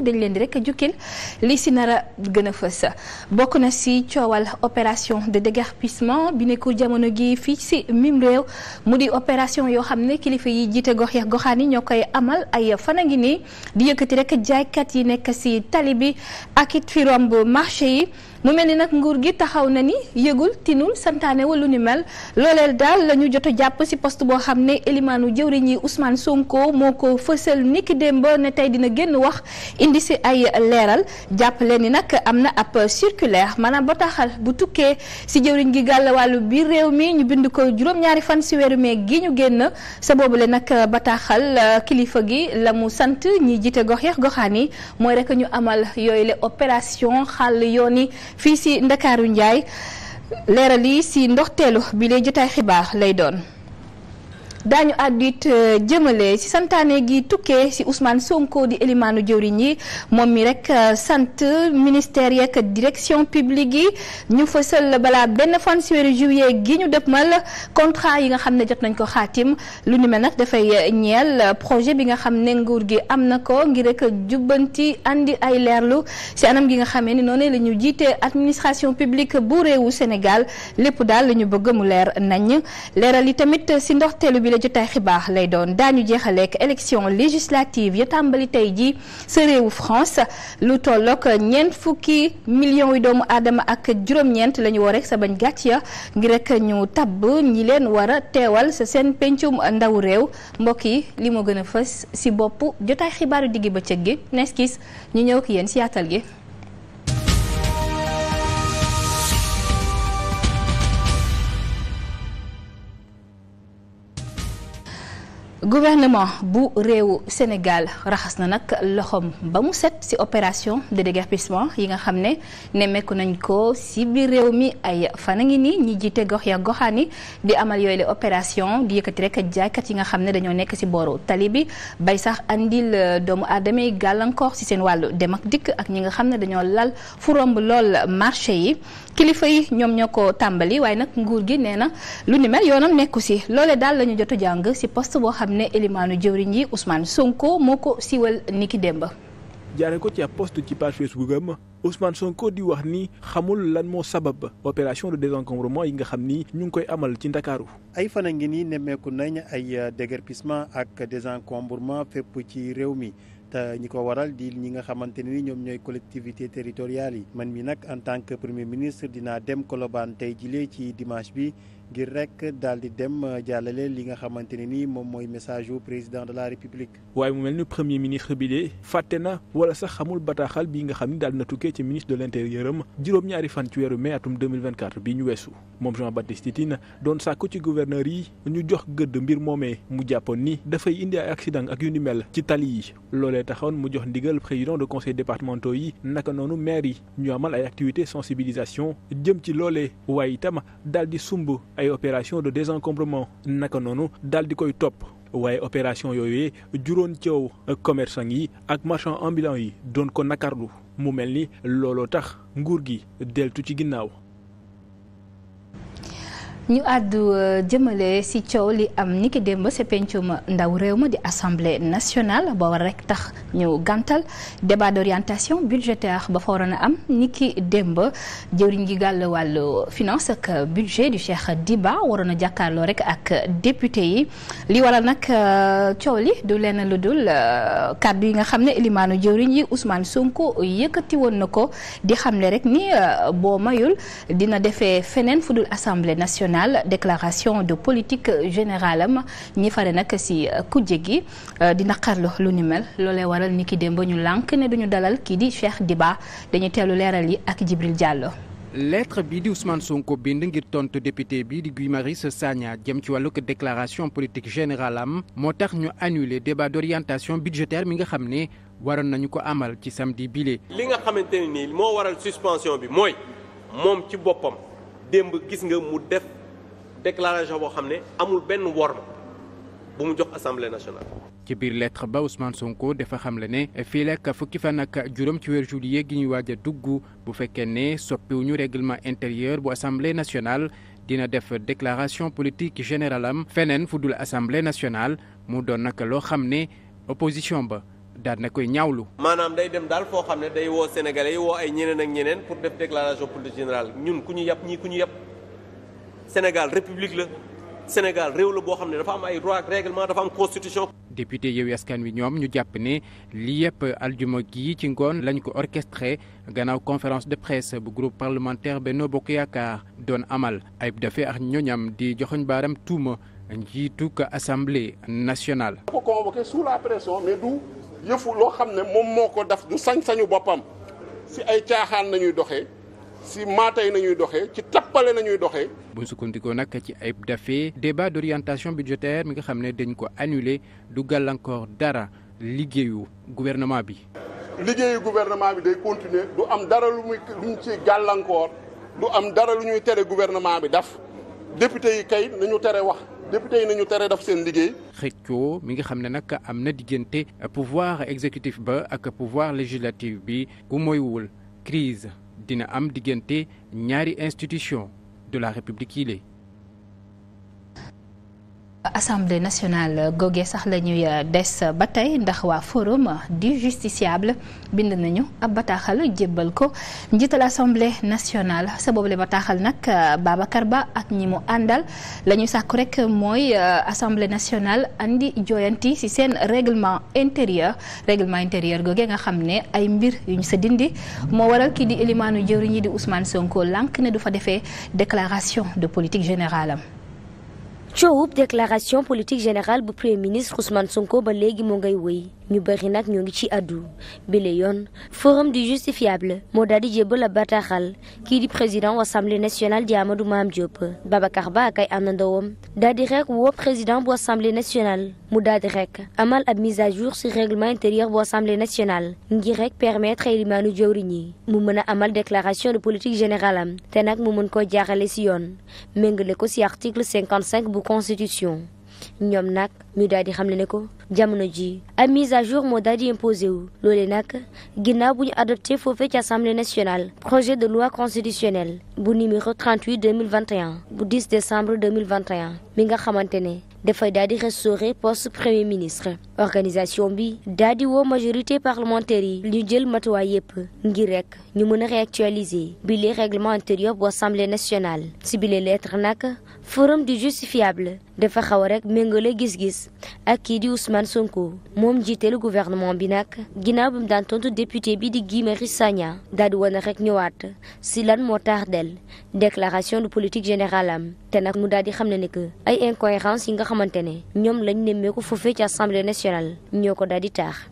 dañ leen di rek jukkil li si nar a gën a fës bokk na si coowal opération de déguerpissement bi nekku jamono gi fii si mim réew mu di opération yoo xam ne kilifa yi jiite gox ya goxaan yi ñoo koy amal ay a ngi nii di yëkkati rek jaaykat yi nekk si tali bi ak it fi romb marché yi mu mel ni nag nguur gi taxaw na ni yëgul tinul santaane wala lu ni mel looleel daal la ñu jot jàpp si poste boo xam ne élimaanu jëwriñ yi Ousmane Sonko moo ko fësal niki démb ne tey dina génn wax indi si ay leeral jàpp leen ni nag am na ab circulaire maanaam bataaxal bu tukkee si jëwriñ gi gàll wàllu biir réew mi ñu bind ko juróom-ñaari fan si weeru mee gi ñu génn sa boobule nag bataaxal euh, kilifa gi la mu sant ñi jiite gox yeex goxaan yi mooy rek ñu amal yooyu le opération xàll yoon yi fii si Ndakaaru Njaay leeral yi si ndoxteelu bi lay jotaay xibaar lay doon daañu àddit euh, jëmale ci santaane gi tukkee ci Ousmane Sonko di élimaanu jëwriñ yi moom mi rek euh, sant ministère yeek direction publique yi ñu fa fësal balaa benn fan ci weeru juillet gi ñu dëppmal contrat yi nga xam ne jot nañ ko xaatim lu ni mel nag dafay euh, ñeel projet bi nga xam ne nguur gi am na ko ngir rek jubbanti andi ay leerlu ci anam gi nga xamee ni noonu lañu ñu jiite administration publique bu réewu Sénégal lépp daal lañu ñu bëgg mu leer nañ leeral yi tamit la jotaay xibaar lay doon daa daañu jeexaleek élection législative ya tàmbali tey ji sa réewu France lu tollook ñeent fukki million yu doomu aadama ak juróom-ñeent la ñu woo sa bañ gàcc ya ngir rek ñu tabb ñi leen war a teewal sa seen pencum ndaw réew mbokk yi li moo gën a fës si bopp jotaay xibaaru diggi bëccëg gi neskis ñu ñëw ki yéen si yaatal gi gouvernement bu réew Sénégal raxas na nag loxoom ba mu set ci opération de déguerpissement yi nga xam ne nemmeeku nañ ko ci biir réew mi ay fan a ngi nii ñi jiite gox ya goxaan yi di amal yooyu la opération di yëkkati rek jaaykat yi nga xam ne dañoo nekk ci booru tali bi bay sax andil euh, doomu aadama gàllankoor ci seen wàllu dem ak dikk ak ñi nga xam ne dañoo lal fu romb lool marché yi kilifa yi ñoom ñoo ko tàmbali waaye nag nguur gi nee na lu ni mel yoonam nekku si loole daal la ñu jot a jàng si poste boo xam ne élimaanu jëwriñ yi Ousmane Sonko moo ko siiwal niki Demba. jaare ko ci ab post ci page Facebook am Ousmane Sonko di wax ni xamul lan moo sabab opération de désencombrement yi nga xam ni ñu ngi koy amal ci Ndakaaru ay fan a ngi nii nemmeeku nañ ay déguerpissement ak désencombrement fépp ci réew mi. te ñi ko waral di ñi nga xamante ne ni ñoom ñooy collectivité territoriales yi man mi nag en tant que premier ministre dina dem Colobane tey jilee ci dimanche bi ngir rek daal di dem euh, jàllale li nga xamante ne ni moom mooy message wu président de la république. waaye mu mel ni premier ministre bi de fàtte na wala sax xamul bataaxal bii nga xam ni daal na tukkee ci ministre de l' intérieur am juróom-ñaari fan ci weeru mai atum 2024 bii ñu weesu moom Jean Baptiste Tine doon sàkku ci gouverneur yi ñu jox gëdd mbir moomee mu jàppoon ni dafay indi ay accident ak yu ni mel ci tali yi loolee taxoon mu jox ndigal président de conseil départementaux yi naka noonu maire yi ñu amal ay activités sensibilisation jëm ci loolee waaye itam daal di sumb. ay opération de désencombrement naka noonu daal di koy topp waaye opération yooyu juróon coow commerçant yi ak marchand ambulant yi doon ko nakarlu mu mel ni looloo tax nguur gi deltu ci ginnaaw ñu àddu euh, jëmale si coow li am niki démb ci pencum ndaw réew ma di assemblée nationale ba war rek tax ñëw gantal débat d'orientation budgétaire ba fa waroon a am niki démb jëwriñ gi gàll wàllu finance ak budget du Cheikh Diba waroon a jàkkaarloo rek ak député yi li waral nag euh, coow li du lenn lu dul euh, kàddu yi nga xam ne ilimaanu jëwriñ yi Ousmane Sonko yëkkati woon na ko di xamle rek ni boo mayul dina defee feneen fu dul assemblée nationale. nationale déclaration de politique générale am ñi fare nag si euh, kujje gi euh, dina naqarlu lu ni mel loolee waral ni ki démb ñu lànk ne duñu dalal kii di Cheikh Diba dañuy teelu leeral yi ak Jibril Diallo. lettre bi di Ousmane Sonko bind ngir tontu député bii di Guy Marius Sagna jëm ci wàllug déclaration politique générale am moo tax ñu annulé débat d'orientation budgétaire mi nga xam ne waroon nañu ko amal ci samedi bile. li nga xamante ne moo waral suspension bi mooy moom ci boppam déclaration boo xam ne amul benn worma bu mu jox assemblée nationale. ci biir lettre ba Ousmane Sonko dafa xamle ne fii lekk fukki fan ak juróom ci weer juillet gi ñuy waaj a dugg bu fekkee ne soppiwuñu réglement intérieur bu assemblée nationale dina def déclaration politique générale am feneen fu dul assemblée nationale mu doon naka loo xam ne opposition ba daal na koy ñaawlu. maanaam day dem daal foo xam ne day woo sénégalais yi woo ay ñeneen ak ñeneen Sénégal république la Sénégal réew la boo xam ne dafa am ay droit ak règlement dafa am constitution. député Yewwi Askan Wi ñoom ñu jàpp ne li yëpp aljuma gi ci ngoon lañ ko orchestré gannaaw conférence de presse bu groupe parlementaire Benno Bokk Yaakaar doon amal ayib dafee ak ñoñam di joxoñ baaram tuuma njiitu ko assemblée nationale. ko convoqué sous la pression mais du yëfu loo xam ne moom moo ko def du sañ-sañu boppam si ay caaxaan nañuy doxee. si maatay nañuy doxee ci tappale nañuy doxee. buñ sukkandikoo nag ci ayib dafee débat d'orientation budgétaire mi nga xam ne dañ ko annulé du gàllankoor dara liggéeyu gouvernement bi. liggéeyu gouvernement bi day continuer du am dara lu lu am dara lu ñuy tere gouvernement bi daf député yi kay nañu tere wax. député yi nañu tere daf seen liggéey. xëccoo mi nga xam ne nag am na diggante pouvoir exécutif ba ak pouvoir législatif bi ku moywul crise dina am diggante ñaari institution de la république yi Assemblée nationale euh, googee sax la ñuy euh, des euh, ba tey ndax waa forum du justiciable bind nañu ab bataaxal jébbal ko njiital Assemblée nationale sa boobule bataaxal nag Babacar Ba ak ñi mu àndal la ñuy sàkku rek mooy Assemblée nationale andi jooyanti ci seen règlement intérieur règlement intérieur googee nga xam ne ay mbir yu ñu sa dindi moo waral kii di élimaanu jëwriñ yi di Ousmane Sonko lànk ne du fa defee déclaration de politique générale am coowub déclaration politique générale bu premier ministre Ousmane Sonko ba léegi moo ngay wéy ñu bëri nag ñoo ngi ci addu bile yoon forum du justifiable moo daal di jébbal ab bataaxal kii di président assemblée nationale di Amadou Mame Diop Babacar Ba ak ay àndandawam daal di rek woo président bu assemblée nationale mu daal di rek amal ab mise à jour ci règlement intérieur bu assemblée nationale ngir rek permettre ay limaanu jëwriñ yi mu mën a amal déclaration de politique générale am te nag mu mën koo jaarale si yoon méngale ko ci article 55 bu constitution ñoom nag ñu daal di xamle ne ko jamono ji ab mise à jour moo daal di imposé wu loole nag ginnaaw bu ñu adopté foofee ci assemblée nationale projet de loi constitutionnelle bu numéro 38 2021 bu 10 mi nga xamante ne dafay daal di restaurer poste premier ministre organisation bi daal di woo majorité parlementaire yi ñu jël matuwaay yépp ngir rek ñu mën a réactualiser bi les règlement intérieur bu assemblée nationale si bile lettre nag forum du justifiable dafa xaw rek méngale gis-gis ak kii di Ousmane Sonko moom jiiteelu gouvernement bi nag ginnaaw bi mu daan tontu député bi di Guy Marius Sagna daal di woon rek ñëwaat si lan moo dell déclaration de politique générale am te nag mu daal di xam ne ne que ay incohérence yi nga xamante ne ñoom lañ nemmeeku foofee ci assemblée nationale ñoo ko daal di taax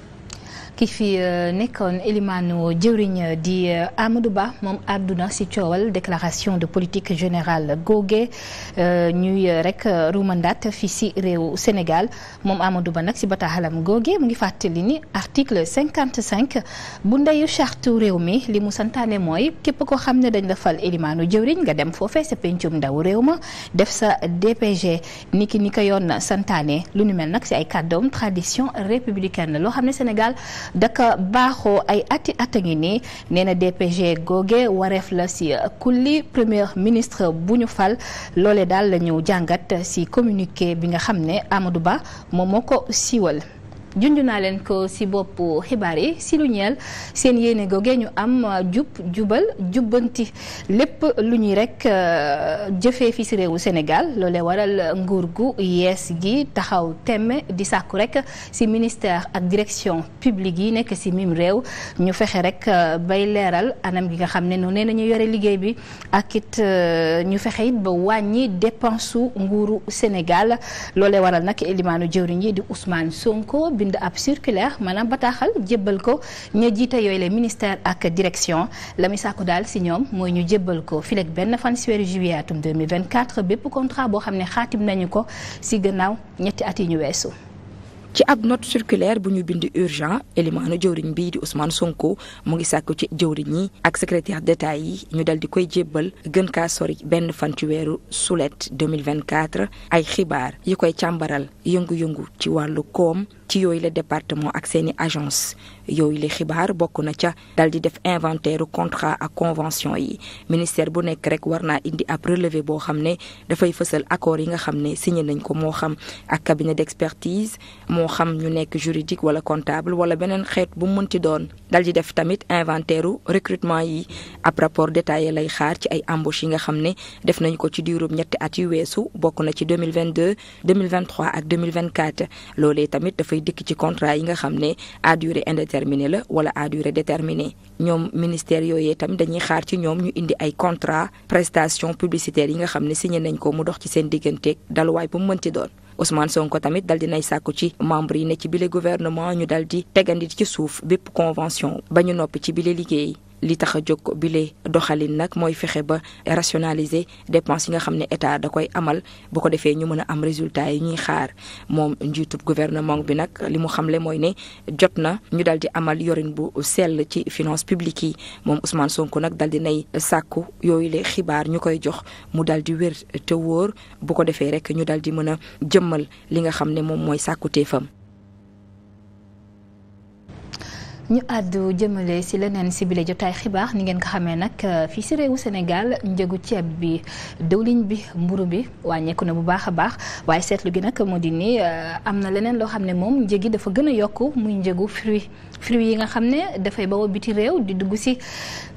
ki fi euh, nekkoon élimaanu jëwriñ di euh, amadu Ba moom àdduna si coowal déclaration de politique générale googe euh, ñuy rek rumandat fi si réew Sénégal moom amadu Ba nag si bataaxalam googe mu ngi fàttali ni article cinquante cinq bu ndeyu charte réew mi li mu santaane mooy képp koo xam ne dañ la fal élimaanu jëwriñ nga dem foofee sa pencum ndaw réew ma def sa DPG niki ni ko yoon santaane lu nu mel nag si ay kàddoom tradition républicaine loo xam ne Sénégal daka baaxoo ay ati at a ngi nii nee na DPG googe wareef la si kulli premier ministre bu ñu fal loole daal la jàngat si communiqué bi nga xam ne Amadou Ba moom ma ko siiwal. junj naa leen ko si boppu xibaar yi si lu ñeel seen yéene googee ñu am jub jubal jubbanti lépp lu ñuy rek euh, jëfee fi si réewu Sénégal loolee waral nguur gu yees gi taxaw teme di sàkku rek si ministère ak direction publique yi nekk si miim réew ñu fexe rek euh, bay leeral anam gi nga xam ne noonu nee nañu yore liggéey bi ak it euh, ñu fexe it ba wàññi dépense su nguuru Sénégal loolee waral nag limaanu jëwriñ yi di usmaan Sonko. bind ab circulaire maanaam bataaxal jébbal ko ña jiite yooyu le ministère ak direction la muy sàkku daal si ñoom mooy ñu jébbal ko fileeg benn fan si weeru juillet atum 2024 bépp contrat boo xam ne xaatim nañu ko si gannaaw ñetti at yi ñu weesu. ci ab not circulaire bu ñu bind urgent élimaanu jëwriñ bii di Ousmane Sonko mu ngi sàkku ci jëwriñ yi ak secrétaire d'état yi ñu dal di koy jébbal gën kaa sori benn fan ci weeru sulet 2024 ay xibaar yi koy càmbaral yëngu-yëngu ci wàllu koom ci yooyu la département ak seeni agence yooyu la xibaar bokk na ca dal di def inventaire contrat ak convention yi ministère bu nekk rek war naa indi ab relevé boo xam ne dafay fësal accord yi nga xam ne signe nañ ko moo xam ak cabinet d'expertise moo xam ñu nekk juridique wala comptable wala beneen xeet bu mu mënti doon dal di def tamit inventaire recrutement yi ab rapport détaillé lay xaar ci ay embauche yi nga xam ne def nañ ko ci diirub ñetti at yu bokk na ci 2022 2023 ak 2024 loolee tamit dafay mooy dikk ci contrat yi nga xam ne à durée la wala à durée déterminée ñoom ministère yooyu itam dañuy xaar ci ñoom ñu indi ay contrat prestation publicitaire yi nga xam ne signé nañ ko mu dox ci seen digganteeg daluwaay bu mu mënti doon Ousmane Sonko tamit dal di nay sàkku ci membre yi ne ci bile gouvernement ñu dal di tegandi ci suuf bépp convention ba ñu noppi ci bile liggéey. li tax a jóg bile doxalin nag mooy fexe ba rationaliser dépense yi nga xam ne état da koy amal bu ko defee ñu mën a am résultat yi ñuy xaar moom njiitub gouvernement bi nag li mu xam xamle mooy ne jot na ñu dal di amal yorin bu sell ci finance publique yi moom Ousmane Sonko nag dal di nay sàkku yooyu le xibaar ñu koy jox mu dal di wér te wóor bu ko defee rek ñu dal di mën a jëmmal li nga xam ne moom mooy sàkkuteefam ñu àddu jëmale si leneen si bile jotaay xibaar ni ngeen ko xamee nag euh, fii si réewu Sénégal njëgu ceeb bi dëwlin bi mburu bi wàññeeku na bu baax a baax waaye seetlu gi nag moo di ni euh, am na leneen loo xam ne moom njëgi dafa gën a yokk muy njëgu fruit fruits yi nga xam ne dafay bawoo biti réew di dugg si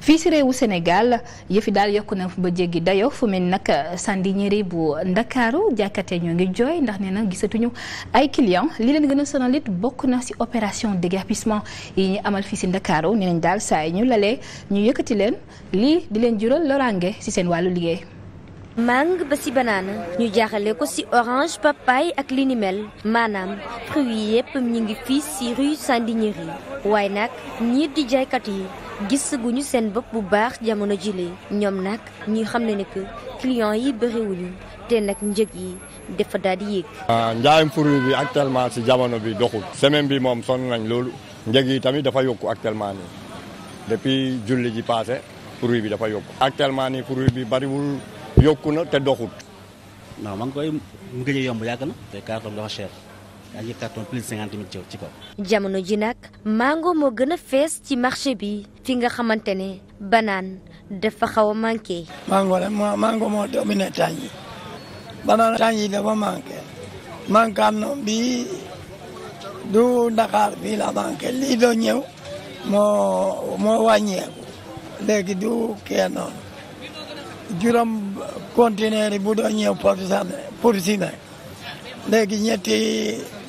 fii si réewu Sénégal yëfi daal yokk na ba jeggi dayo fu mel nag Sandiniéry bu Ndakaaru jàkkate ñoo ngi jooy ndax nee na gisatuñu ay clients li leen gën a sonal it bokk na si opération déguerpissement yi ñu amal fii si Ndakaaru nee daal saa yi ñu lalee ñu yëkkati leen lii di leen jural loraange si seen wàllu liggéey màng ba ci banaana ñu jaaxale ko ci orange papaye ak li ni mel maanaam fruit yi yépp ñu ngi fii ci rue Sandiniéry waaye nag ñii di jaaykat yi gis gisaguñu seen bopp bu baax jamono jile ñoom nag ñuy xam ne ne que clients yi bëriwuñu te nag njëg yi dafa daal di yéeg. Ah, njaayam fruit bi actuellement ci jamono bi doxul semaine bi moom sonn nañ loolu njëg yi tamit dafa yokku actuellement nii depuis julli ji passé fruit bi dafa yokku actuellement nii fruit bi bariwul. yokku te doxut. non man koy mu gëj a yomb yàgg na te carton bi dafa cher ay carton plus de cinquante mille ci kaw. jamono ji nag mango moo gën a fees ci marché bi fi nga xamante ne banaan dafa xaw a manqué. mango la moo mango moo dominé tànn du Dakar bii la manqué lii doo ñëw moo moo wàññeeku léegi du kee noonu. juróom conteneur yi bu doon ñëw porte sànni pour Sine léegi ñetti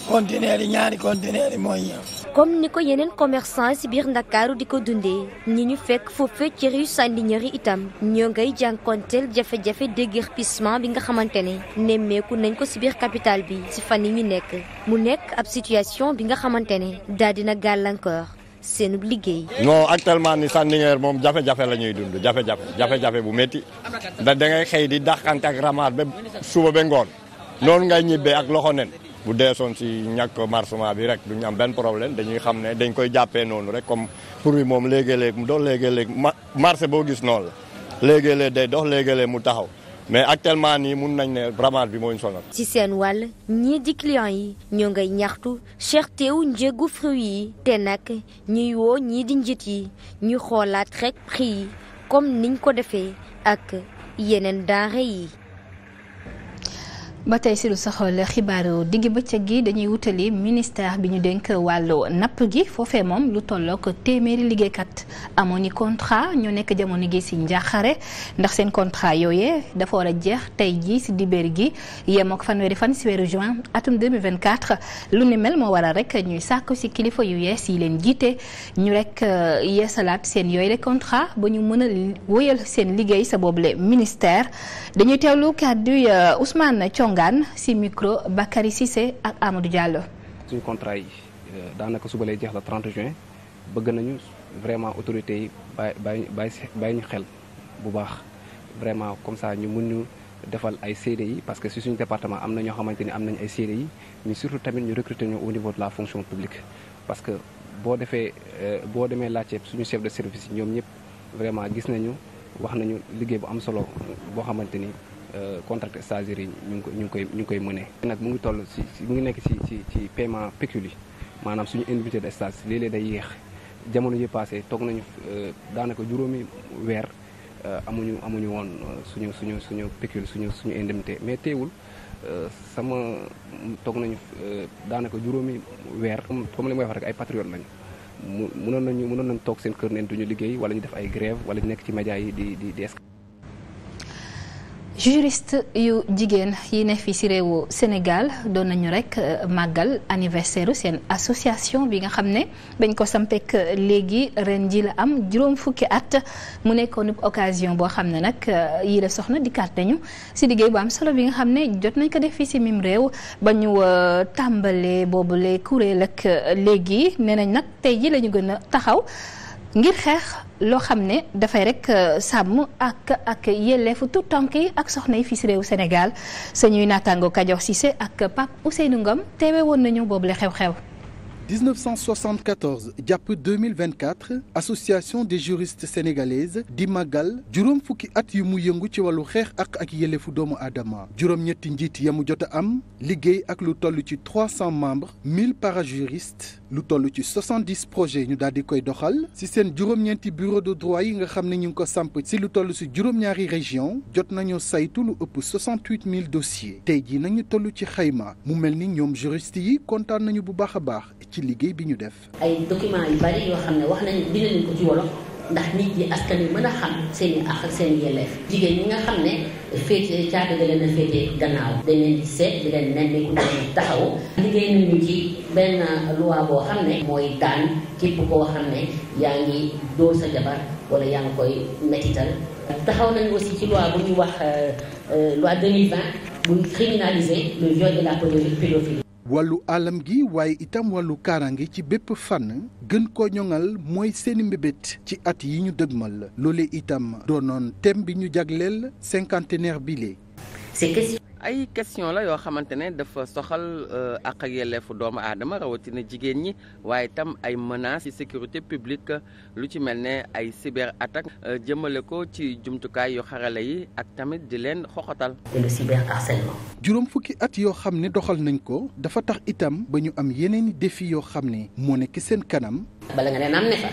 conteneur yi ñaari conteneur mooy ñëw. comme ni ko yeneen commerçant si biir Ndakaaru di ko dundee ñi ñu fekk foofe ci rue Sandiniéry itam ñoo ngay jànkonteel jafe-jafe déguerpissement bi nga xamante ne nemmeeku nañ ko si biir capitale bi si fan yi ñu nekk mu nekk ab situation bi nga xamante ne daal na gàllankoor. seenub liggéey. non actuellement ni Sandingère moom jafe-jafe la ñuy dund jafe-jafe jafe-jafe bu métti da dangay xëy di daxante ak ramaat ba suba ba ngoon noonu ngay ñibbee ak loxo nen. bu deesoon si ñàkk marchement bi rek duñu am benn problème dañuy xam ne dañ koy jàppee noonu rek comme pour wi moom léegi-léeg mu dox léegi-léeg marché boo gis noonu la léegi-léeg day dox léegi-léeg mu taxaw. mais actuellement nii mun nañ ne ramade bi mooy ñu sonal. ci seen wàll ñii di clients yi ñoo ngay ñaxtu chertéew njëgu fruits yi te nag ñuy woo ñii di njit yi ñu xoolaat rekk prix yi comme niñ ko defee ak yeneen denrée yi. ba tey si lu soxal xibaaru digg bëccëg gi dañuy wutali ministère bi ñu dénk wàllu napp gi foofee moom lu tollook téeméeri liggéeykat amoon i contrat ñoo nekk jamono gi si njaaxare ndax seen contrat yooyee dafa war a jeex tey jii si dibéer gi yem ak fanweeri fan si weeru juin atum 2024 lu ni mel moo waral rek ñuy sàkk si kilifa yu yees yi leen jiite ñu rek euh, yeesalaat seen yooyu le contrat ba ñu mën a wóyal seen liggéey sa boobule ministère dañuy teewlu kàddu euh, Ousmane Thiong Ndongaan ci micro Bakary Cissé ak Amadou Diallo. suñu contrat yi euh, daanaka suba lay jeex la 30 juin bëgg nañu vraiment autorités yi bàyyi bàyyi bàyyi ñu xel bu baax vraiment comme ça ñu mun ñu defal ay yi parce que si suñu département am na ñoo xamante ni am nañu ay CDI mais surtout tamit ñu recruter ñu au niveau de la fonction publique parce que boo defee euh, boo demee laajte suñu chef de service yi ñoom ñëpp vraiment gis nañu wax nañu liggéey bu am solo boo xamante Euh, contrat stagiaire yi ñu ngi ñu ngi koy ñu ngi koy mëne nag mu ngi toll si mu ngi nekk si ci ci paiement pécule yi maanaam suñu indemnité de stage léeg-léeg day yéex jamono yi passé toog nañu euh, daanaka juróomi weer euh, amuñu amuñu woon suñu suñu suñu pécule suñu suñu indemnité mais teewul sama toog nañu daanaka juróomi weer comme li may wax rek ay patriote lañu mu mënoon nañu mënoon nañu toog seen kër neen duñu liggéey wala ñu def ay grève wala ñu nekk ci média yi di di di jurist yu jigéen yi ne fii si réewu Sénégal doon nañu rek euh, màggal anniversaire seen association bi nga xam ne dañ ko sampek euh, léegi ren ji la am juróom fukki at mu nekkoon occasion boo xam ne nag euh, yii la soxna dikkaat nañu si liggéey bu am solo bi nga xam ne jot nañ ko def fii si miim réew ba ñu tàmbalee boobule kuréel ak léegi nee nañ nag tey ji lañu gën a taxaw ngir xeex loo xam ne dafay rek euh, sàmm ak ak yelleefu tout tànk yi ak soxna yi fii si réewu Sénégal sañuy naataango Kajoor Cissé ak Pape Ousseynou Ngom teewe woon nañu la xew-xew. 1974 jàpp 2024 association des juristes sénégalaises di màggal juróom fukki at yu mu yëngu ci wàllu xeex ak ak yelleefu doomu aadama juróom-ñetti njiit ya mu jot a am liggéey ak lu toll ci 300 membres 1000 parajuristes. lu toll ci 70 projets ñu daal di koy doxal si seen juróom-ñeenti bureau de droit yi nga xam ne ñu ngi ko samp si lu toll si juróom-ñaari région jot nañoo saytu lu ëpp 68000 dossiers tey jii nañu tollu ci xayma mu mel ni ñoom juriste yi kontaan nañu bu baax a baax ci liggéey bi ñu def. ay documents yu bari yoo xam ne wax nañu bind ko ci wolof. ndax nit ñi askan wi mën a xam seen i ak seen yelleef jigéen ñi nga xam ne féete caada da leen a benn loi boo xam ne mooy daan képp koo xam ne yaa ngi dóor sa jabar wala yaa ngi koy métital taxaw nañu aussi ci loi bu ñuy wax euh, euh, loi 2020 buy criminaliser le viol et la pédophilie wàllu alam gi waaye itam wallu wàllu kaaraange ci bépp fànn gën koo ñoŋal mooy seeni mbébét ci at yi ñu dëgmal loolee itam doonoon thème bi ñu jagleel cinquantenaire bi lee ay question la yoo xamante ne dafa soxal euh, ak ak yelleefu doomu aadama rawatina jigéen ñi waaye itam ay menaces ci sécurité publique lu ci mel ne ay cyber attaque euh, jëmale ko ci jumtukaay yu xarale yi ak tamit di leen xoxatal. juróom fukki at yoo xam ne doxal nañ ko dafa tax itam ba ñu am yeneen i défi yoo xam ne moo nekk seen kanam. bala nga ne naam ne fa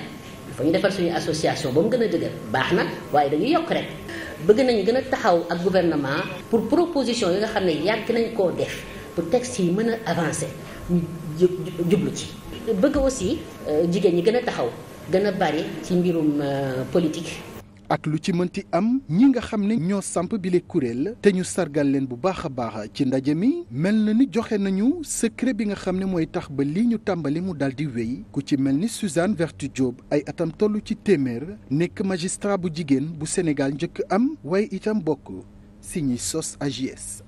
dafa ñu defal suñu association ba mu gën a dëgër baax na waaye dañuy yokk rek. bëgg nañ gën a taxaw ak gouvernement pour proposition yi nga xam ne yàgg nañ koo def pour texte yi mën a avancer ñu jublu ci bëgg aussi euh, jigéen ñi gën a taxaw gën a bari ci mbirum euh, politique ak lu ci mënti am ñi nga xam ne ñoo samp bile kuréel te ñu sargal leen bu baax a baax ci ndaje mi mel na ni joxe nañu secret bi nga xam ne mooy tax ba lii ñu tàmbali mu dal di wéy ku ci mel ni Suzanne Vertu Diop ay atam toll ci téeméer nekk magistrat bu jigéen bu Sénégal njëkk am waaye itam bokk si ñi sos AJS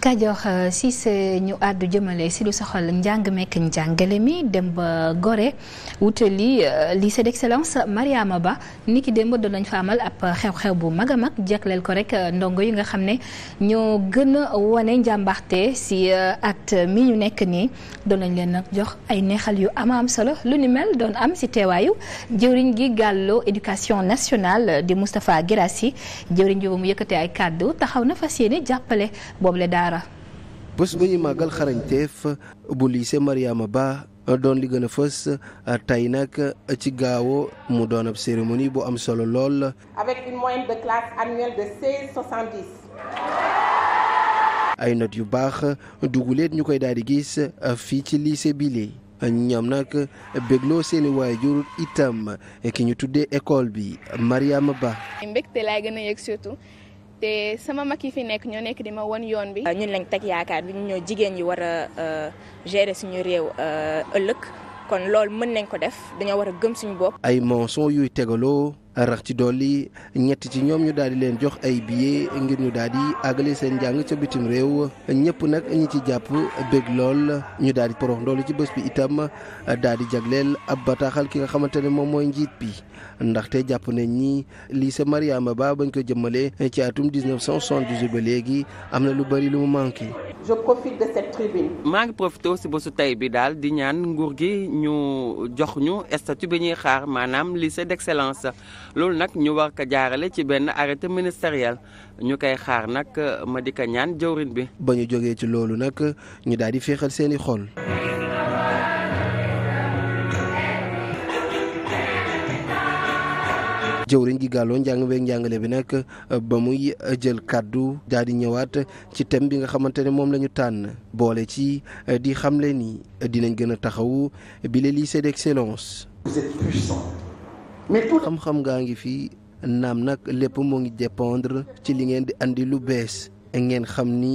Kajoor Cissé euh, ñu àddu jëmale si lu soxal njàng mekk njàngale mi dem ba Gorée wutali euh, lycée d'excellence Mariama Ba ni ki démb doon nañ fa amal ab xew-xew bu mag a mag jagleel ko rek euh, ndongo yi nga xam ne ñoo gën a wane njàmbaxte si at mi ñu nekk nii doon nañ leen nag jox ay neexal yu ama am solo lu ni mel doon am si teewaayu jëwriñ gi gàlloo éducation nationale di Moustapha Guirassi jëwriñ ji ba mu yëkkatee ay kàddu taxaw na fas yéene jàppale boobu la daal daara. bés bu ñuy màggal xarañteef bu lycée Mariama Ba doon li gën a fës tey nag ci gaaw mu doon ab cérémonie bu am solo lool. avec ay not yu baax duguleet ñu koy daal di gis fii ci lycée bile ñoom nag bégloo seeni waajur itam ki ñu tuddee école bi Mariama Ba. te sama mag yi fi nekk ñoo nekk di ma won yoon bi. ñun lañ teg yaakaar bi ñu ñoo jigéen yi war a euh, gérer suñu réew euh, ëllëg. kon loolu mën nañ ko def dañoo war a gëm suñu bopp. ay mensonges yuy tegaloo rax ci dolli ñett ci ñoom ñu daal di leen jox ay billets ngir ñu daal di àggale seen njàng ca bitim réew ñëpp nag ñi ci jàpp bëgg lool ñu daal di porox ndoolu ci bés bi itam daal di jagleel ab bataaxal ki nga xamante ne moom mooy njiit bi ndaxte jàpp nañ ni lycée Mariama Ba bañ ko jëmmalee ci atum 1978 ba léegi am na lu bari lu mu manqué. je profite maa ngi profité si bésu tey bi daal di ñaan nguur gi ñu jox ñu statut bi ñuy xaar maanaam lycée d'excellence loolu nag ñu war ko jaarale ci benn arrêté ministériel ñu koy xaar nag ma di ko ñaan jëwrin bi. ba ñu jógee ci loolu nag ñu daal di féexal seeni xol. jëwriñ gi gàlloo njàng beeg njàngale bi nag ba muy jël kàddu daal di ñëwaat ci thème bi nga xamante ne moom lañu tànn boole ci di xamle ni dinañ gën a taxawu bi le lycée d'excellence. vous êtes puissant. xam-xam ngaa ngi fi naam nag lépp moo ngi dépendre ci li ngeen di andi lu bees ngeen xam ni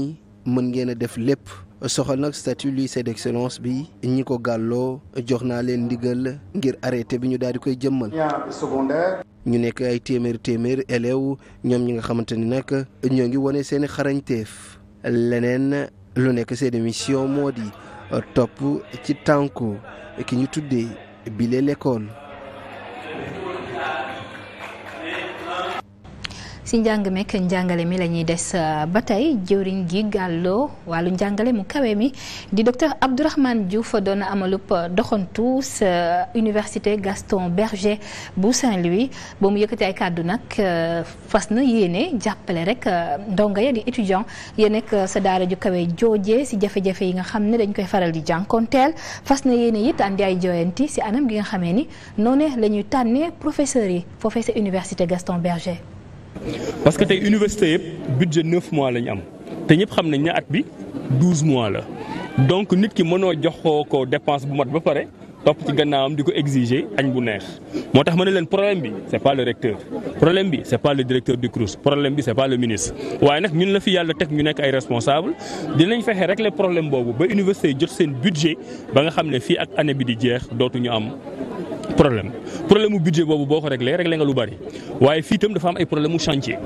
mën ngeen a def lépp. soxal nag statut de d'excellence bi ñi ko gàlloo jox naa leen ndigal ngir arrêté bi ñu daal di koy jëmmal. ñu nekk ay téeméer téeméer élèves ñoom ñi nga xamante ni nag ñoo ngi wane seen i xarañteef leneen lu nekk seen mission moo di topp ci tànku ki ñu tuddee bile lekkool ci njàng mekk njàngale mi la ñuy des euh, ba tey jëwriñ gi gàlloo wàllu njàngale mu kawe mi di docteur Abdourahmane Diouf doon na amalub euh, doxantu sa université Gaston Berger bu Saint-Louis ba mu yëkkati ay kàddu nag euh, fas na yéene jàppale rek ndongo ya di étudiant ya nekk sa daara ju kawe jooje si jafe-jafe yi nga xam ne dañ koy faral di jànkonteel fas na yéene it andi ay jooyanti si anam gi nga xamee ni noonu la ñuy tànnee professeurs yi foofee sa université Gaston Berger. parce que tey université yëpp budget neuf mois lañu am te ñëpp xam nañ ne at bi douze mois la donc nit ki mënoo jox ko dépense bu mat ba pare topp ci am di ko exiger añ bu neex. moo tax ma ne leen problème bi c'est pas le recteur problème bi c'est pas le directeur du CROUS problème bi c'est pas le ministre waaye nag ñun la fi yàlla teg ñu nekk ay responsable dinañ fexe régler problème boobu ba université jot seen budget ba nga xam ne fii ak année bi di jeex dootuñu am. problème problème mu budget boobu boo ko réglé réglé nga lu bari waaye fii itam dafa am ay problème chantier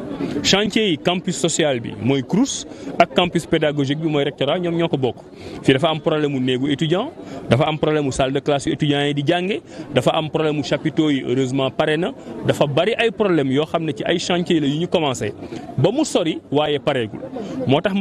chantier yi campus social bi mooy CROUS ak campus pédagogique bi mooy rectorat ñoom ñoo ko bokk. fii dafa am problème néegu étudiant dafa am problème mu de classe yu étudiants yi di jànge dafa am problème mu chapiteaux yi heureusement pare na dafa bari ay problème yoo xam ne ci ay chantier la yu ñu commencé ba mu sori waaye pareegul moo tax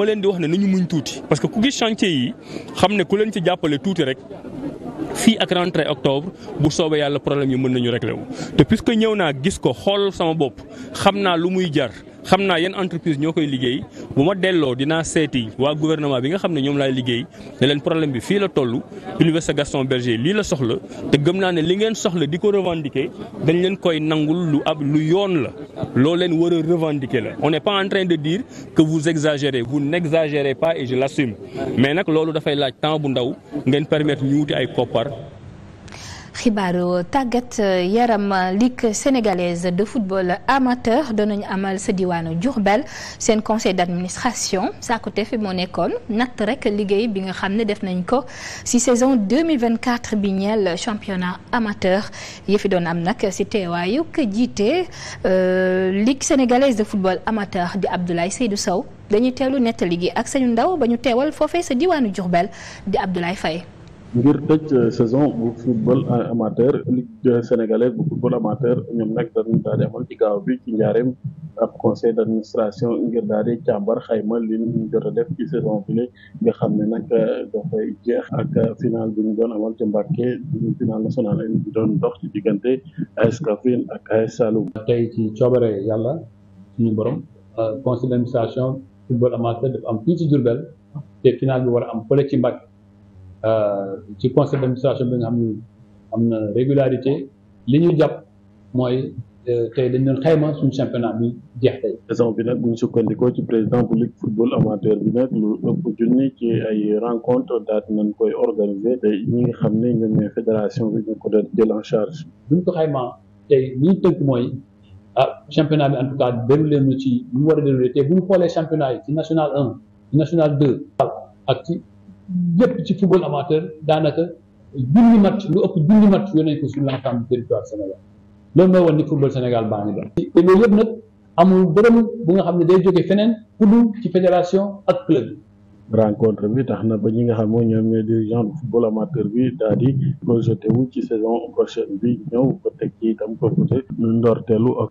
fii ak rentrée octobre bu soobee yàlla problème yi mën nañu réglé wu te puisque ñëw naa gis ko xool sama bopp xam naa lu muy jar. xam naa yenn entreprise ñoo koy liggéey bu ma delloo dinaa seeti waa gouvernement bi nga xam ne ñoom laay liggéey ne leen problème bi fii la toll Université Gaston Berger lii la soxla te gëm naa ne li ngeen soxla di ko revendiquer dañ leen koy nangul lu ab lu yoon la loo leen war a revendiquer la on n'est pas en train de dire que vous exagérez vous n'exagérez pas et je l'assume mais nag loolu dafay laaj temps bu ndaw ngeen permettre ñu wuti ay koppar xibaaru tàggat eh, yaram ligue sénégalaise de football amateur danañu amal sa diwaanu Diourbel seen conseil d'administration sàkkute fi moo nekkoon natt rek liggéey bi nga xam ne def nañ ko ci saison 2024 bi ñeel championnat amateur yi fi doon am nag ci teewaayu ko jiite eh, ligue sénégalaise de football amateur di Abdoulaye du Sow dañuy teelu nettali gi ak sañu ndaw ba ñu teewal foofee sa diwaanu Diourbel di Abdoulaye fay ngir tëj euh, saison bu football euh, amateur ligue sénégalaise bu football amateur ñoom nag dañu daal di amal ci gaaw bi ci njaareem ab conseil d' administration ngir daal di xayma li ñu jot def ci saison bile nga xam ne nag euh, dafay jeex ak final bi ñu doon amal ci Mbàkke final national doon dox ci diggante AS Kaffrine ak AS tey ci coobare yàlla suñu borom conseil d' administration amateur dafa am fii ci Diourbel te final bi war am fële ci Mbàkke. Euh, ci conseil d'administration bi nga xam ne am na régularité li ñu jàpp mooy euh, tey dañ doon xayma suñu championnat bi jeex tey. bi nag bu ñu sukkandikoo ci président bu ligue football amateur bi nag lu junni ci ay rencontre daal nañ koy organiser te ñi ngi xam ne ñoom fédération bi ñu ko doon jël ñu ko xaymaa tey li ñu tënk mooy ah, championnat bi en tout cas déroulé leen ci ñu war a déroulé te bu ñu xoolee championnat yi ci national un national deux. ak ci. lépp ci football amateur daanaka junni match lu ëpp junni match yooyu nañ ko sur l'ensemble du territoire Sénégal loolu mooy woon ni football Sénégal baa ngi doon te loolu yëpp nag amul dërëm bu nga xam ne day jóge feneen ku dul ci fédération ak club rencontre bi tax na ba ñi nga xam ne ñoom ñooy dirigeant football amateur bi daal di projeté ci saison prochaine bi ñëw ba teg ci itam proposé ñu ndorteelu ak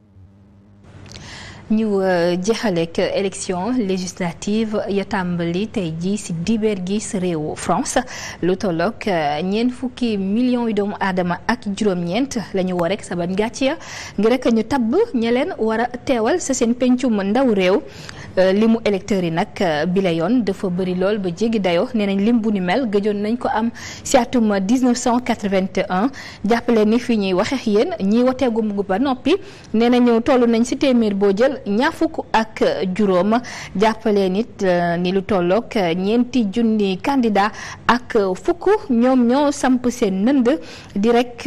ñu euh, jeexaleek élection législative ya tàmbali tey jii si diber gi ci réewu France lu tolloog euh, ñeent fukki millions yu doomu aadama ak juróom-ñeent la ñu war rek saban gàcc ya ngir rek ñu tabb ña leen war a teewal sa seen pencum ndaw réew Euh, li mu électeurs yi nag euh, bi la yoon dafa bëri lool ba jéggi dayoo nee nañ lim bu ni mel gëjoon nañ ko am si atum 1981 jàppale ni fii ñuy waxee yéen ñiy woteegum gu ba noppi nee nañu toll nañ si téeméer boo jël ñaar fukk ak juróom jàppale nit euh, ni lu tollook ñeenti junni candidat ak fukk ñoom ñoo samp seen nënd di rek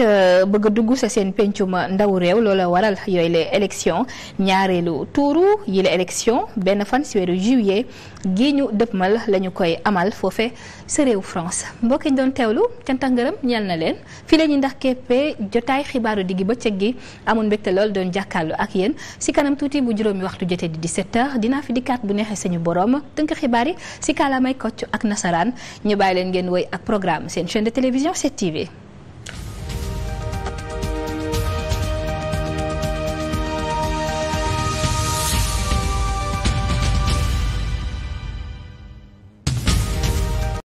bëgg dugg sa seen pencuma ndaw réew loola waral yooyu la élection ñaareelu tuuru yi la élection benn benn fan si weeru juillet gii ñu dëppmal la ñu koy amal foofe sa réew France mbokk yi doon teewlu cant ak ngërëm ñeel na leen fii la ñuy ndax keppee jotaay xibaaru diggi bëccëg gi amoon mbégte lool doon jàkkaarlu ak yéen si kanam tuuti bu juróomi waxtu jotee di 17h dinaa fi dikkaat bu neexee sañu borom tënk xibaar yi si kaalaamay kocc ak nasaraan ñu bàyyi leen ngeen woy ak programme seen chaîne de télévision 7